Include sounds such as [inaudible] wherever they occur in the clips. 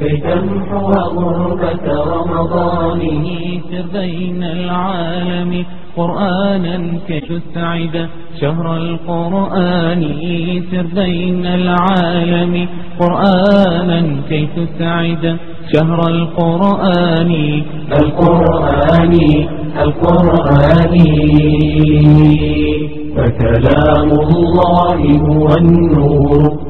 لتمحو غربة رمضانه تبين بين العالم قرآنا كتستعد شهر القرآن سر بين العالم قرآنا كي تسعد شهر القرآن القرآن القرآن فكلام الله هو النور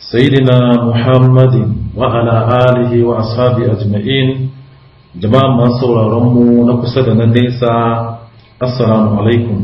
سيدنا محمد وعلى آله وأصحابه أجمعين جماعة منصور رمو نقصد ننسى السلام عليكم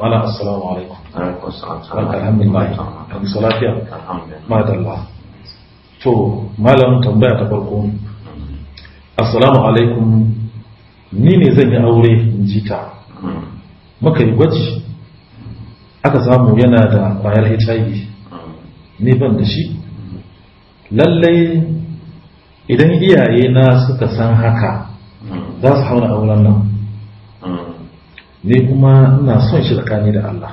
وعلى السلام عليكم عليكم السلام الحمد لله الحمد لله الحمد لله to malam tambaya ta farko assalamu alaikum ni ne zan yi aure in ji ta muka yi hiv ni ban da shi lallai idan iyaye na suka san haka za su hauna auren nan ne kuma ina son shi tsakani da Allah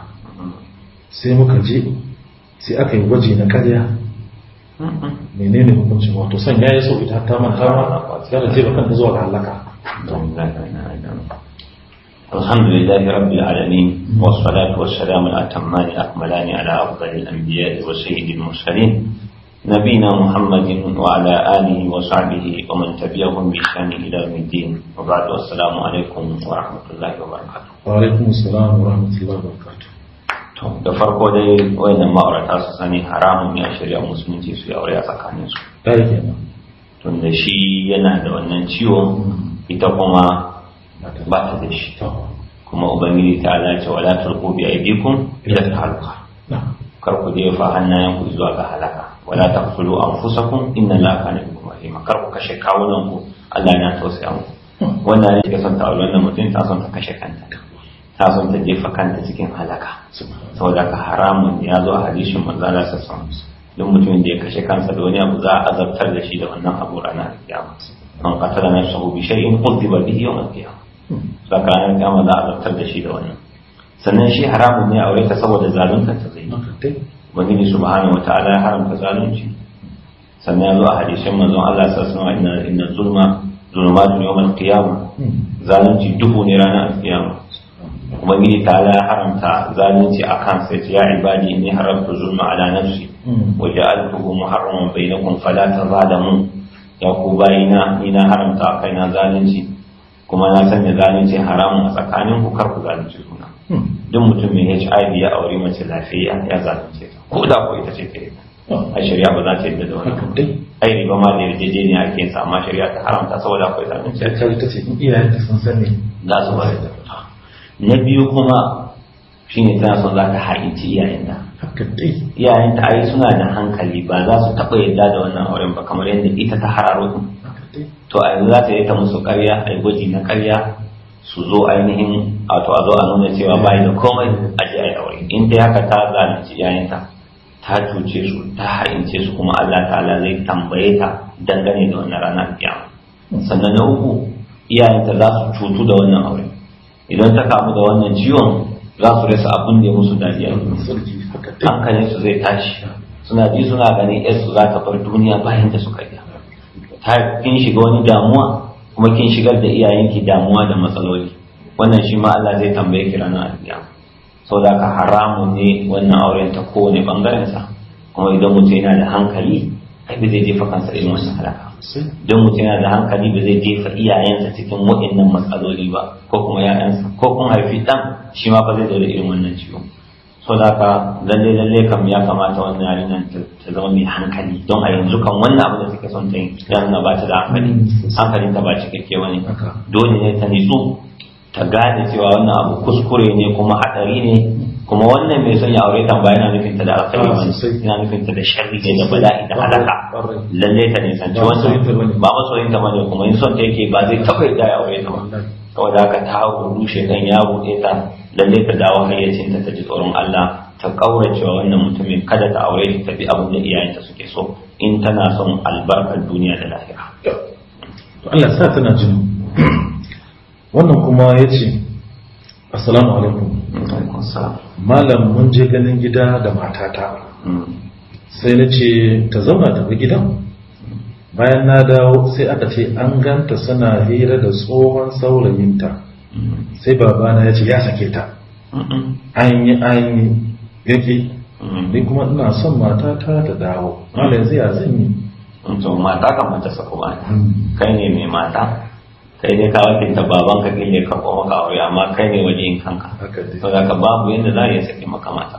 sai muka je sai aka yi gwaji na karya menene hukuncin wato son ya yi sau ita ta manta ma ya da ce bakan ta zuwa ga halaka الحمد لله رب العالمين والصلاة والسلام الأتمان الأكملان على أفضل الأنبياء وسيد المرسلين نبينا محمد وعلى آله وصحبه ومن تبعهم بإحسان إلى يوم الدين وبعد والسلام عليكم ورحمة الله وبركاته وعليكم السلام ورحمة الله وبركاته da farko dai wayannan ma'aurata su sani haramun ya shirya musulunci su yi aure a tsakaninsu. Tunda shi yana da wannan ciwo ita kuma ba ta da shi kuma ubangiji ta ala ce wala tarqu bi aydikum ila haluka kar ku jefa hannayen ku zuwa ga halaka wala taqtulu anfusakum inna allaha kana bikum rahima kar ku kashe kawunan ku Allah yana tausaya muku hmm. wannan ne ke son ta aure wannan mutum ta son ta kashe kanta ta son ta jefa kanta cikin halaka saboda ka haramun ya zo a hadisin manzo Allah duk mutumin da ya kashe kansa da wani abu za a azabtar da shi da wannan abu ranar kiyama man qatala nafsahu bi shay'in qudiba bihi yawm al-qiyamah tsakanin kama za a zartar da shi da wannan sannan shi haramun ne aure ta saboda zalunta ta zai wani ne subhanahu wa ta'ala ya haramta zalunci sannan ya zo a hadisin manzon Allah sallallahu alaihi wasallam inna zulma zulmatun yawmal qiyamah zalunci duhu ne ranar kuma ubangiji ta ya haramta zalunci a kan sai ya ibadi ne haramta zulma ala nafsi wa ja'altuhu muharraman bainakum fala tazalamu ya ku bayina ni na haramta kai na zalunci kuma na sanya zalunci haramun a tsakanin ku kar ku zalunci juna hmm. duk mutum mai HIV ya auri mace lafiya ya zalunce ta ko da ko ita ce ta yi oh. a shari'a ba za ta yi da wani ai riba ma da yarjejeniya ake sa amma shari'a ta haramta saboda akwai zalunci ta ta ce in iyayen ta sun sani za su ba da na biyu kuma shine tana son za ta haƙinci iyayenta iyayenta ai suna da hankali ba za su taɓa yadda da wannan auren ba kamar yadda ita ta hararo to a yanzu za ta yi ta musu karya a yi gwaji na karya su zo ainihin a to a zo a nuna cewa bayi da komai a ji a yi aure in dai haka ta zalunci yayinta ta cuce su ta haince su kuma Allah ta'ala zai tambaye ta dangane da wannan ranar kiyama sannan na uku iyayenta za su cutu da wannan aure idan ta kamu da wannan ciwon za su rasa abin da ya musu dajiya hankalinsu zai tashi suna ji suna ganin yarsu za ta bar duniya bayan da su yi har kin shiga wani damuwa kuma kin shigar da iyayenki damuwa da matsaloli wannan shi ma Allah zai tambaye ki ranar sau da ka haramun ne wannan auren ta kowane bangaren sa kuma idan mutum yana da hankali kai ba zai jefa kansa irin wasu halaka don mutum yana da hankali ba zai jefa iyayensa cikin waɗannan matsaloli ba ko kuma 'ya'yansa ko kuma haifi ɗan shi ma ba zai zo irin wannan ciwon so ka lalle lalle kam ya kamata wannan nan ta zama mai hankali don a yanzu kan wannan abu da take son ta yi yarinya ba ta da hankali mm. hankalin ta ba cikakke wani dole ne ta nitsu ta gane cewa wannan abu kuskure ne kuma hadari ne kuma wannan mai son ya aure ta ba yana nufin ta da alkhairi ba yana nufin ta da sharri ne da bala'i da halaka lalle ta ta wannan ba masoyin ta bane kuma in son ta yake ba zai taɓa yadda ya aure ta ba kawai da aka ta rushe dan ya buɗe ta lalle ta dawo hayyacinta ta ji tsoron Allah ta cewa wannan mutumin kada ta aure ta bi abin da iyayenta suke so in tana son albarkar duniya da lahira to Allah sa tana jin wannan kuma yace assalamu alaikum malam mun je ganin gida da matata hmm. sai na ce ta zauna ta bi gidan bayan na dawo sai aka ce an ganta suna hira da tsohon saurayinta sai babana ya ce ya sake ta ainihin ainihin yake ni kuma ina son mata ta ta dawo wanda yanzu ya zan yi to mata kan mata sako ba mm. kai ne mai mata kai ne kawo fita baban ka kai ne ka koma ka aure amma kai ne waje yin kanka to da ka babu yadda za a iya sake maka mata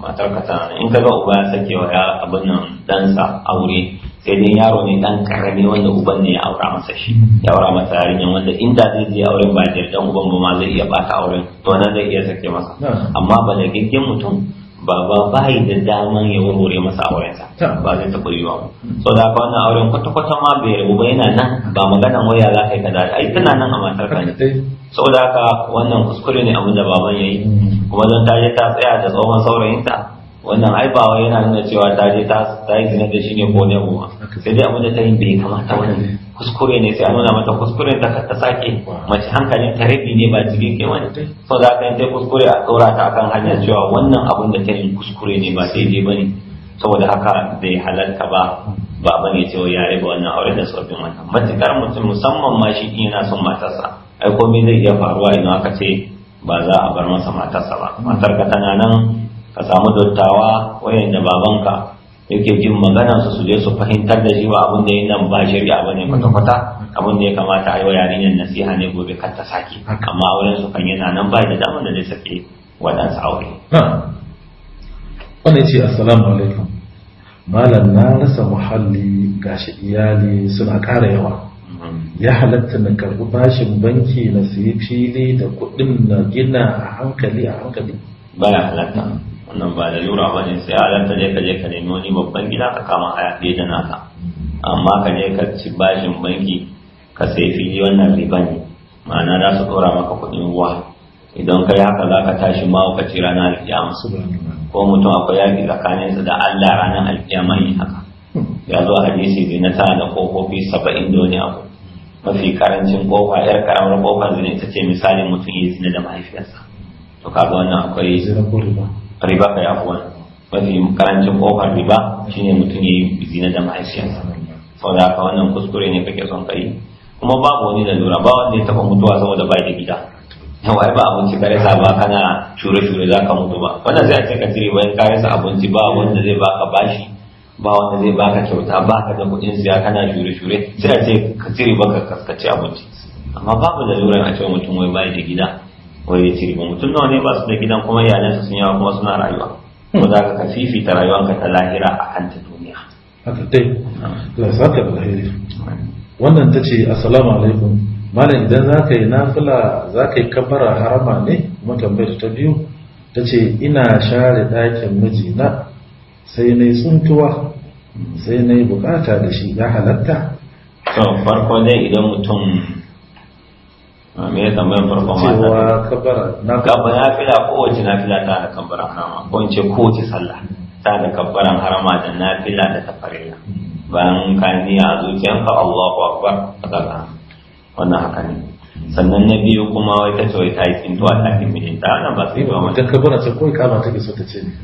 matar ka tana in ka ga uba ya sake wa ya abin nan dansa aure sai yaro ne dan karami wanda uban ne ya aura masa shi ya aura masa yarinya wanda in inda zai je auren ba da dan uban ba ma zai iya ta auren to nan zai iya sake masa amma ba da gaggen mutum baba yi da daman ya wurwure masa aurensa ba zai taɓa yi ba so da ka wannan auren kwata-kwata ma bai rabu ba yana nan ba maganan waya za ka yi kaza ai tana nan a matar ka ne saboda haka wannan kuskure ne abin da baban ya yi mm. kuma don ta je ta tsaya da tsohon saurayinta wannan aibawa yana nuna cewa ta je ta yi zina da shi ne ko ne sai dai abin ta yi bai kamata wani kuskure ne sai a nuna mata kuskure ta ta sake mace hankalin ta rabi ne ba jigin ke wani so za ka yi ta kuskure a tsora ta akan hanyar cewa wannan abin da ta yi kuskure ne ba sai ba ne saboda haka bai halarta ba ba bane cewa ya raba wannan aure da sabbin wannan matukar mutum musamman ma shi yana son matarsa ai komai zai iya faruwa ina aka ce ba za a bar masa matarsa ba matar ka tana nan ka samu dattawa wayanda babanka yake jin magana su je su fahimtar da shi ba abin da ya nan ba shari'a ba ne kwata-kwata abin da ya kamata a yi wa yarinyar nasiha ne gobe kar ta sake amma wurin su kan yana nan ba da damar da zai sake waɗansu aure. wani ce assalamu alaikum malam na rasa muhalli ga shi iyali suna ƙara yawa mm-hmm. ya halatta na karɓi bashin banki na sayi fili da kuɗin na gina a hankali a hankali. baya halatta wannan ba da lura ba ne sai a ta je ka je ka nemi wani babban gida ka kama a fiye da naka amma ka je ka ci bashin banki ka sai fili wannan riba ne ma'ana za su ɗora maka kuɗin ruwa idan kai haka za ka tashi ma ka ci ranar su ko mutum akwai yaƙi tsakaninsa da allah ranar alƙiyama yin haka ya zo hadisi zai na tana da ƙofofi saba'in da abu mafi karancin ƙofa yar karamar ƙofa zai ta ce misalin mutum ya zina da mahaifiyarsa to kaga wannan akwai riba kai abuwan mafi karancin kofar riba shine mutum ya yi zina da mahaifiyarsa sau da haka wannan kuskure ne kake son kai kuma babu wani lura ba wanda ya taɓa mutuwa saboda bai da gida wai ba abinci ka sa ba kana shure-shure za ka mutu ba wannan sai a ce ka cire bayan ka rasa abinci ba wanda zai baka bashi ba wanda zai baka kyauta ba ka da kuɗin siya kana shure-shure sai a ce ka cire baka kaskace abinci amma babu lura a ce mutum wai bai da gida ko ya ci riba mutum nawa ne ba su da gidan kuma su sun yawa kuma suna rayuwa hmm. ko za ka fifita rayuwanka ta lahira a kan ta duniya haka dai la saka da lahiri wannan ta ce assalamu alaikum malam idan za ka yi nafila za ka yi kabara harama ne kuma tambayar ta biyu ta ce ina share ɗakin mijina sai na yi tsuntuwa sai na yi bukata da shi ya halatta to farko dai idan mutum Ah, me ya tambayan farkon mata cewa kabbara na kabbara na fila kowace na fila ta da kabbaran harama ko in ce kowace sallah ta da kabbaran harama da na fila da tafarila bayan ka niyya a zuciyanka Allahu akbar kaga wannan haka ne sannan na biyu kuma wai ta ce ta yi tsintuwa ta fi ta ana ba su yi ba mata kabbara ce ko kama take so ta ce ne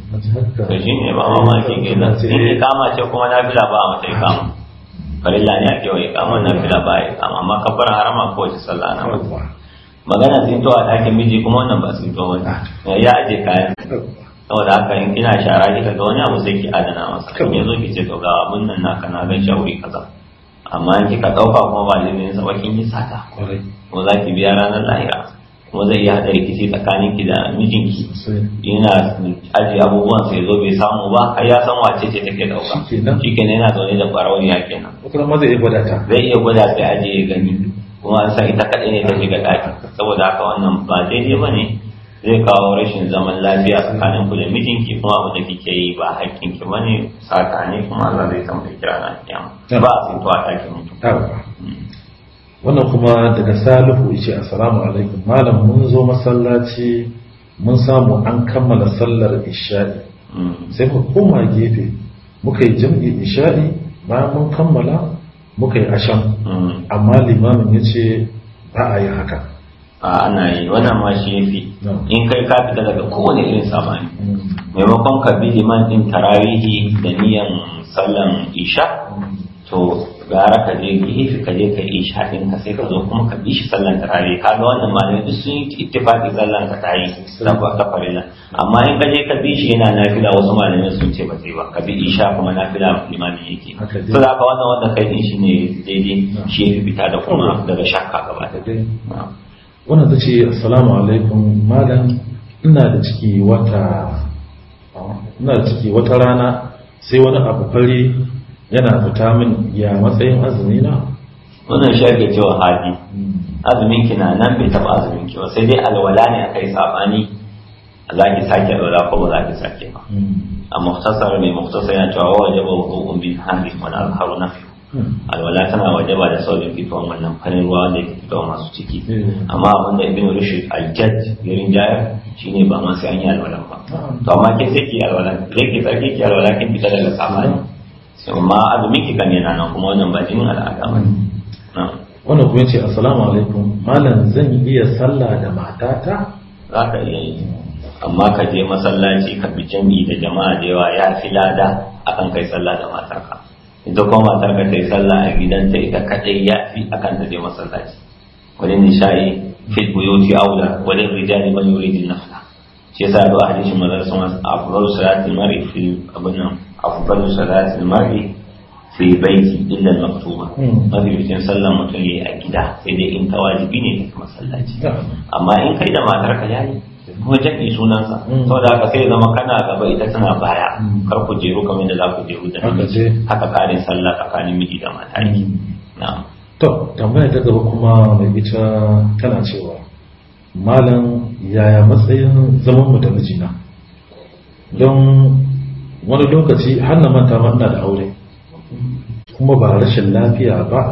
to shi ne ba mamaki ke nan in kama ce kuma na fila ba a mata kama farilla ne ake wai kama na fila ba ya kama amma kafar harama ko wace sallah na mata magana sun to a ɗakin miji kuma wannan ba sun to wani eh, ya aje kayan da haka in kina shara ki ga wani abu sai ki adana masa in yanzu ki ce to ga abun nan naka na ga shawuri kaza amma in kika ɗauka kuma ba ne ne sabakin yi sata ko za ki biya ranar lahira kuma zai iya haɗa rikici tsakanin ki da mijinki yana ajiye abubuwan sai zo bai samu ba har ya san wace ce take dauka shi kenan yana zaune da barauniya kenan kuma zai iya gwada ta zai iya gwada sai ya gani kuma an san ita kaɗai ne ta shiga ɗaki saboda haka wannan ba daidai ba ne zai kawo rashin zaman lafiya tsakanin ku da mijinki kuma abu da kike yi ba ki ba ne sata ne kuma Allah zai tambayi kira na kiyama ba a takin ɗakin mutum wannan kuma daga salihu ce assalamu alaikum malam mun zo masallaci mun samu an kammala sallar isha'i mm. sai ku koma gefe muka yi jam'i isha'i bayan mun kammala muka yi asham mm. amma limamin ya ce ba a yi haka a ana yi wannan ma shi ya fi in kai ka fita daga kowane irin samani mm. maimakon ka bi liman din tarawihi da niyan sallan isha to gara ka je gefe ka je ka isha ɗin ka sai ka zo kuma ka bi shi sallan ta tare ka ga wannan ne duk sun yi ittifaqi sallan ka tare suna ba ka farilla amma in ka je ka bi shi yana nafila wasu malamai sun ce ba sai ba ka bi isha kuma nafila limamin yake to da ka wannan wannan kai din shine daidai shi ya fita da kuma daga shakka gaba da wannan ta ce assalamu alaikum malam ina da ciki wata ina da ciki wata rana sai wani abu fari yana fita min ya matsayin azumi na wannan shafe cewa hadi hmm. azumin ki na nan bai taba azumin ki ba sai dai alwala ne akai sabani za ki sake alwala ko ba za ki sake ba hmm. a muhtasar mai muhtasar yana cewa wajaba wudu'un min hadith wal azharu nafi hmm. alwala tana wajaba da saurin fitowar wannan farin ruwa da yake fitowa masu ciki amma abin da ibn rushd al-jadd ya rinjaya shine ba ma sai an yi alwala ba to amma ke sai ki alwala ke ki sarki ki alwala kin fita daga sabani amma azumin ki kan yana nan kuma wannan bakin jinin al'ada ba wannan kuma yace assalamu alaikum malam zan iya sallah da matata za ka iya yi amma ka je masallaci ka bi jami da jama'a da yawa ya fi lada akan kai sallah da matarka ita kuma matarka ta yi sallah a gidanta ita kaɗai ya fi akan ta je masallaci wani nishayi fit buyoti aula wani rijali man yuridin nafla shi yasa ya zo a hadisin manzon sallallahu afdalu salati mari fil abun nan afdalu salatil mar'i fi baiti illa maktuba mafi bikin sallan mutum ya a gida sai dai in ta wajibi ne ta masallaci amma in kai da matar ka yayi kuma jaki sunansa saboda haka sai zama kana gaba ita tana baya kar ku jeru kamar da za ku jeru da haka karin sallah tsakanin miji da mata yake to tambaya ta gaba kuma mai ita tana cewa malam yaya matsayin zaman mu da mijina don wani lokaci har na manta manna da aure kuma ba rashin lafiya ba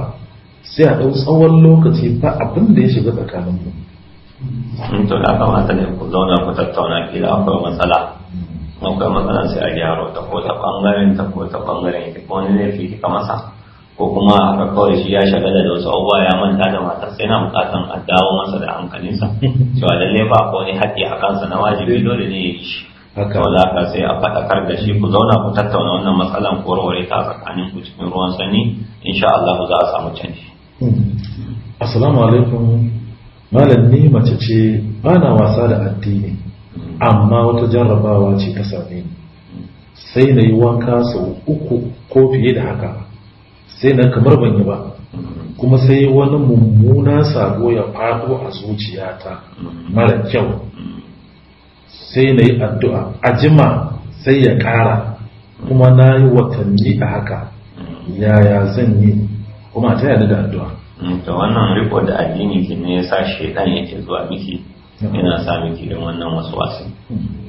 sai a ɗau tsawon lokaci ba abin da ya shiga tsakaninmu in hmm, to da kamata ne ku zauna ku tattauna kila akwai matsala akwai matsala sai a gyaro ta ko ta bangaren ta ko ta bangaren ita ko wani laifi kika masa ko kuma haka kawai shi ya shiga da wasu abubuwa ya manta da matar sai na bukatan a dawo masa da hankalinsa [laughs] cewa lallai ba ko ne haƙƙi a kansa na wajibi dole ne ya yi shi wala ka sai a faɗakar da shi ku zauna ku tattauna wannan matsalan ku warware ta tsakanin ku cikin ruwan sanyi insha Allah za a samu canji hmm. assalamu alaikum malam ni mace ce bana wasa da addini amma wata jarrabawa ce ta same ni sai na yi wanka sau uku ko fiye da haka sai na kamar ban yi ba kuma sai wani mummuna sabo ya faɗo a zuciyata mara kyau sai na yi addu'a a jima sai ya ƙara kuma na yi watanni a haka yaya zan yi kuma ta yada da addu'a da eh, wannan riko da addini ki ne ya sa shaidan yake zuwa miki yana sa miki irin wannan wasu wasu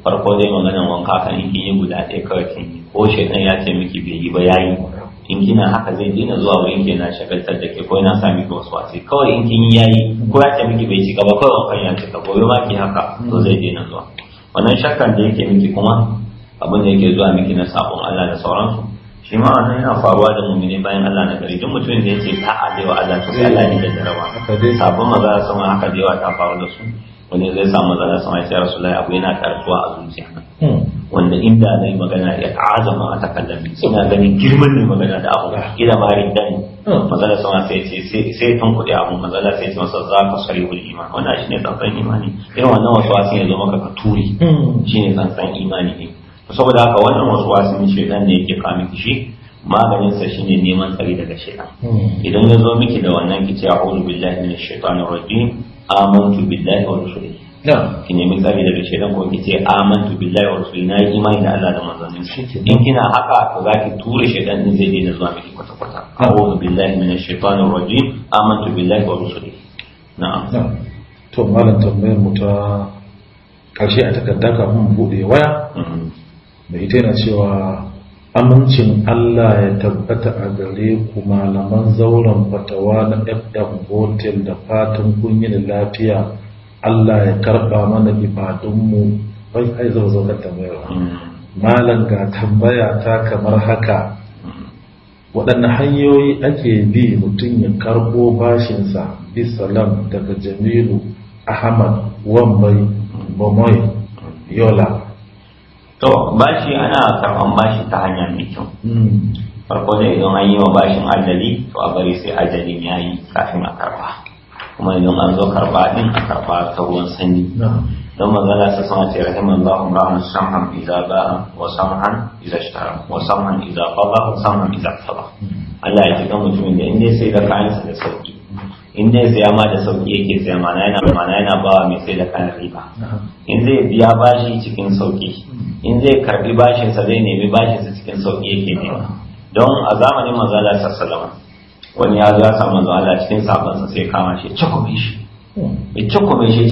farko zai maganin wanka kan in yi guda ɗaya kawai kin yi ko shaidan ya ce miki bai yi ba yi. in kina haka zai dina zuwa wurin ke na shagaltar da ke ko yana sa miki wasu wasu kawai in kin yi yayi ko ya ce miki bai cika ba kawai wankan ya cika gobe ma ki haka to zai dina zuwa wannan shakkan da yake miki kuma abin da yake zuwa miki na sabon Allah da sauransu shi ma wannan yana faruwa da mumini bayan Allah na gari duk mutumin da yake ta alewa Allah to sai Allah ne da jarawa sabon maza sama haka da yawa ta faru da su wani zai samu maza sama ya ce rasulullahi abu yana karatuwa a zuciya hmm. wanda inda zai magana ya ta'azama a takallami ina ganin girman ne magana da abu ila ma rinda sun a sai ce sai tun kuɗi abu mazala sai ce masa za ka sari wuri iman wanda shi ne tsantsan imani irin wannan wasu wasu ne zama maka ka turi shi ne tsantsan imani ne saboda haka wannan wasu wasu ne shaidan ne yake kawo miki shi maganinsa shine neman tsari daga shaitan idan ya zo miki da wannan kici a'udhu billahi minash shaitanir rajim amantu billahi wa rusulihi ki nemi tsari daga shaidan kuma ita ce amantu billahi wa rasuli na yi imani da Allah da manzannin in kina haka to za ki tura shaidan din zai daina zuwa miki kwata kwata a'udhu billahi minash shaitanir rajim amantu billahi wa rasuli na'am to malam tambayar mu ta karshe a takardar kafin mu bude waya mai mm-hmm. ita yana cewa amincin Allah ya tabbata a gare ku malaman zauren fatawa na FM Hotel da fatan kun yi lafiya Allah ya karba mana ibadunmu bai ai zauzau da tambayar malam ga tambaya ta kamar haka waɗanne hanyoyi ake bi mutum ya karbo bashinsa bisalam daga jamilu ahmad wambai bomoi yola to bashi ana karɓan bashi ta hanya mai kyau hmm. farko da idan an yi wa bashin ajali to a bari sai ajalin ya yi kafin a karɓa kuma idan an zo karɓa ɗin a karɓa ta ruwan sanyi don magana ta sama ce rahiman Allah umra'an samhan iza ba'a wa samhan iza shtara wa samhan iza qada wa samhan iza qada hmm. Allah ya kika mutumin da inda sai da kayansa da sauki Inda zai saya ma da sauki yake saya mana yana mana yana bawa mai sai da kayan riba in zai biya bashi cikin sauki in zai karbi sa, zai nemi bashin sa cikin sauki yake nema don a zamanin manzala sallallahu wani ya zo ya samu zuwa Allah cikin sabansa sai kama shi ya cakwame shi ya cakwame shi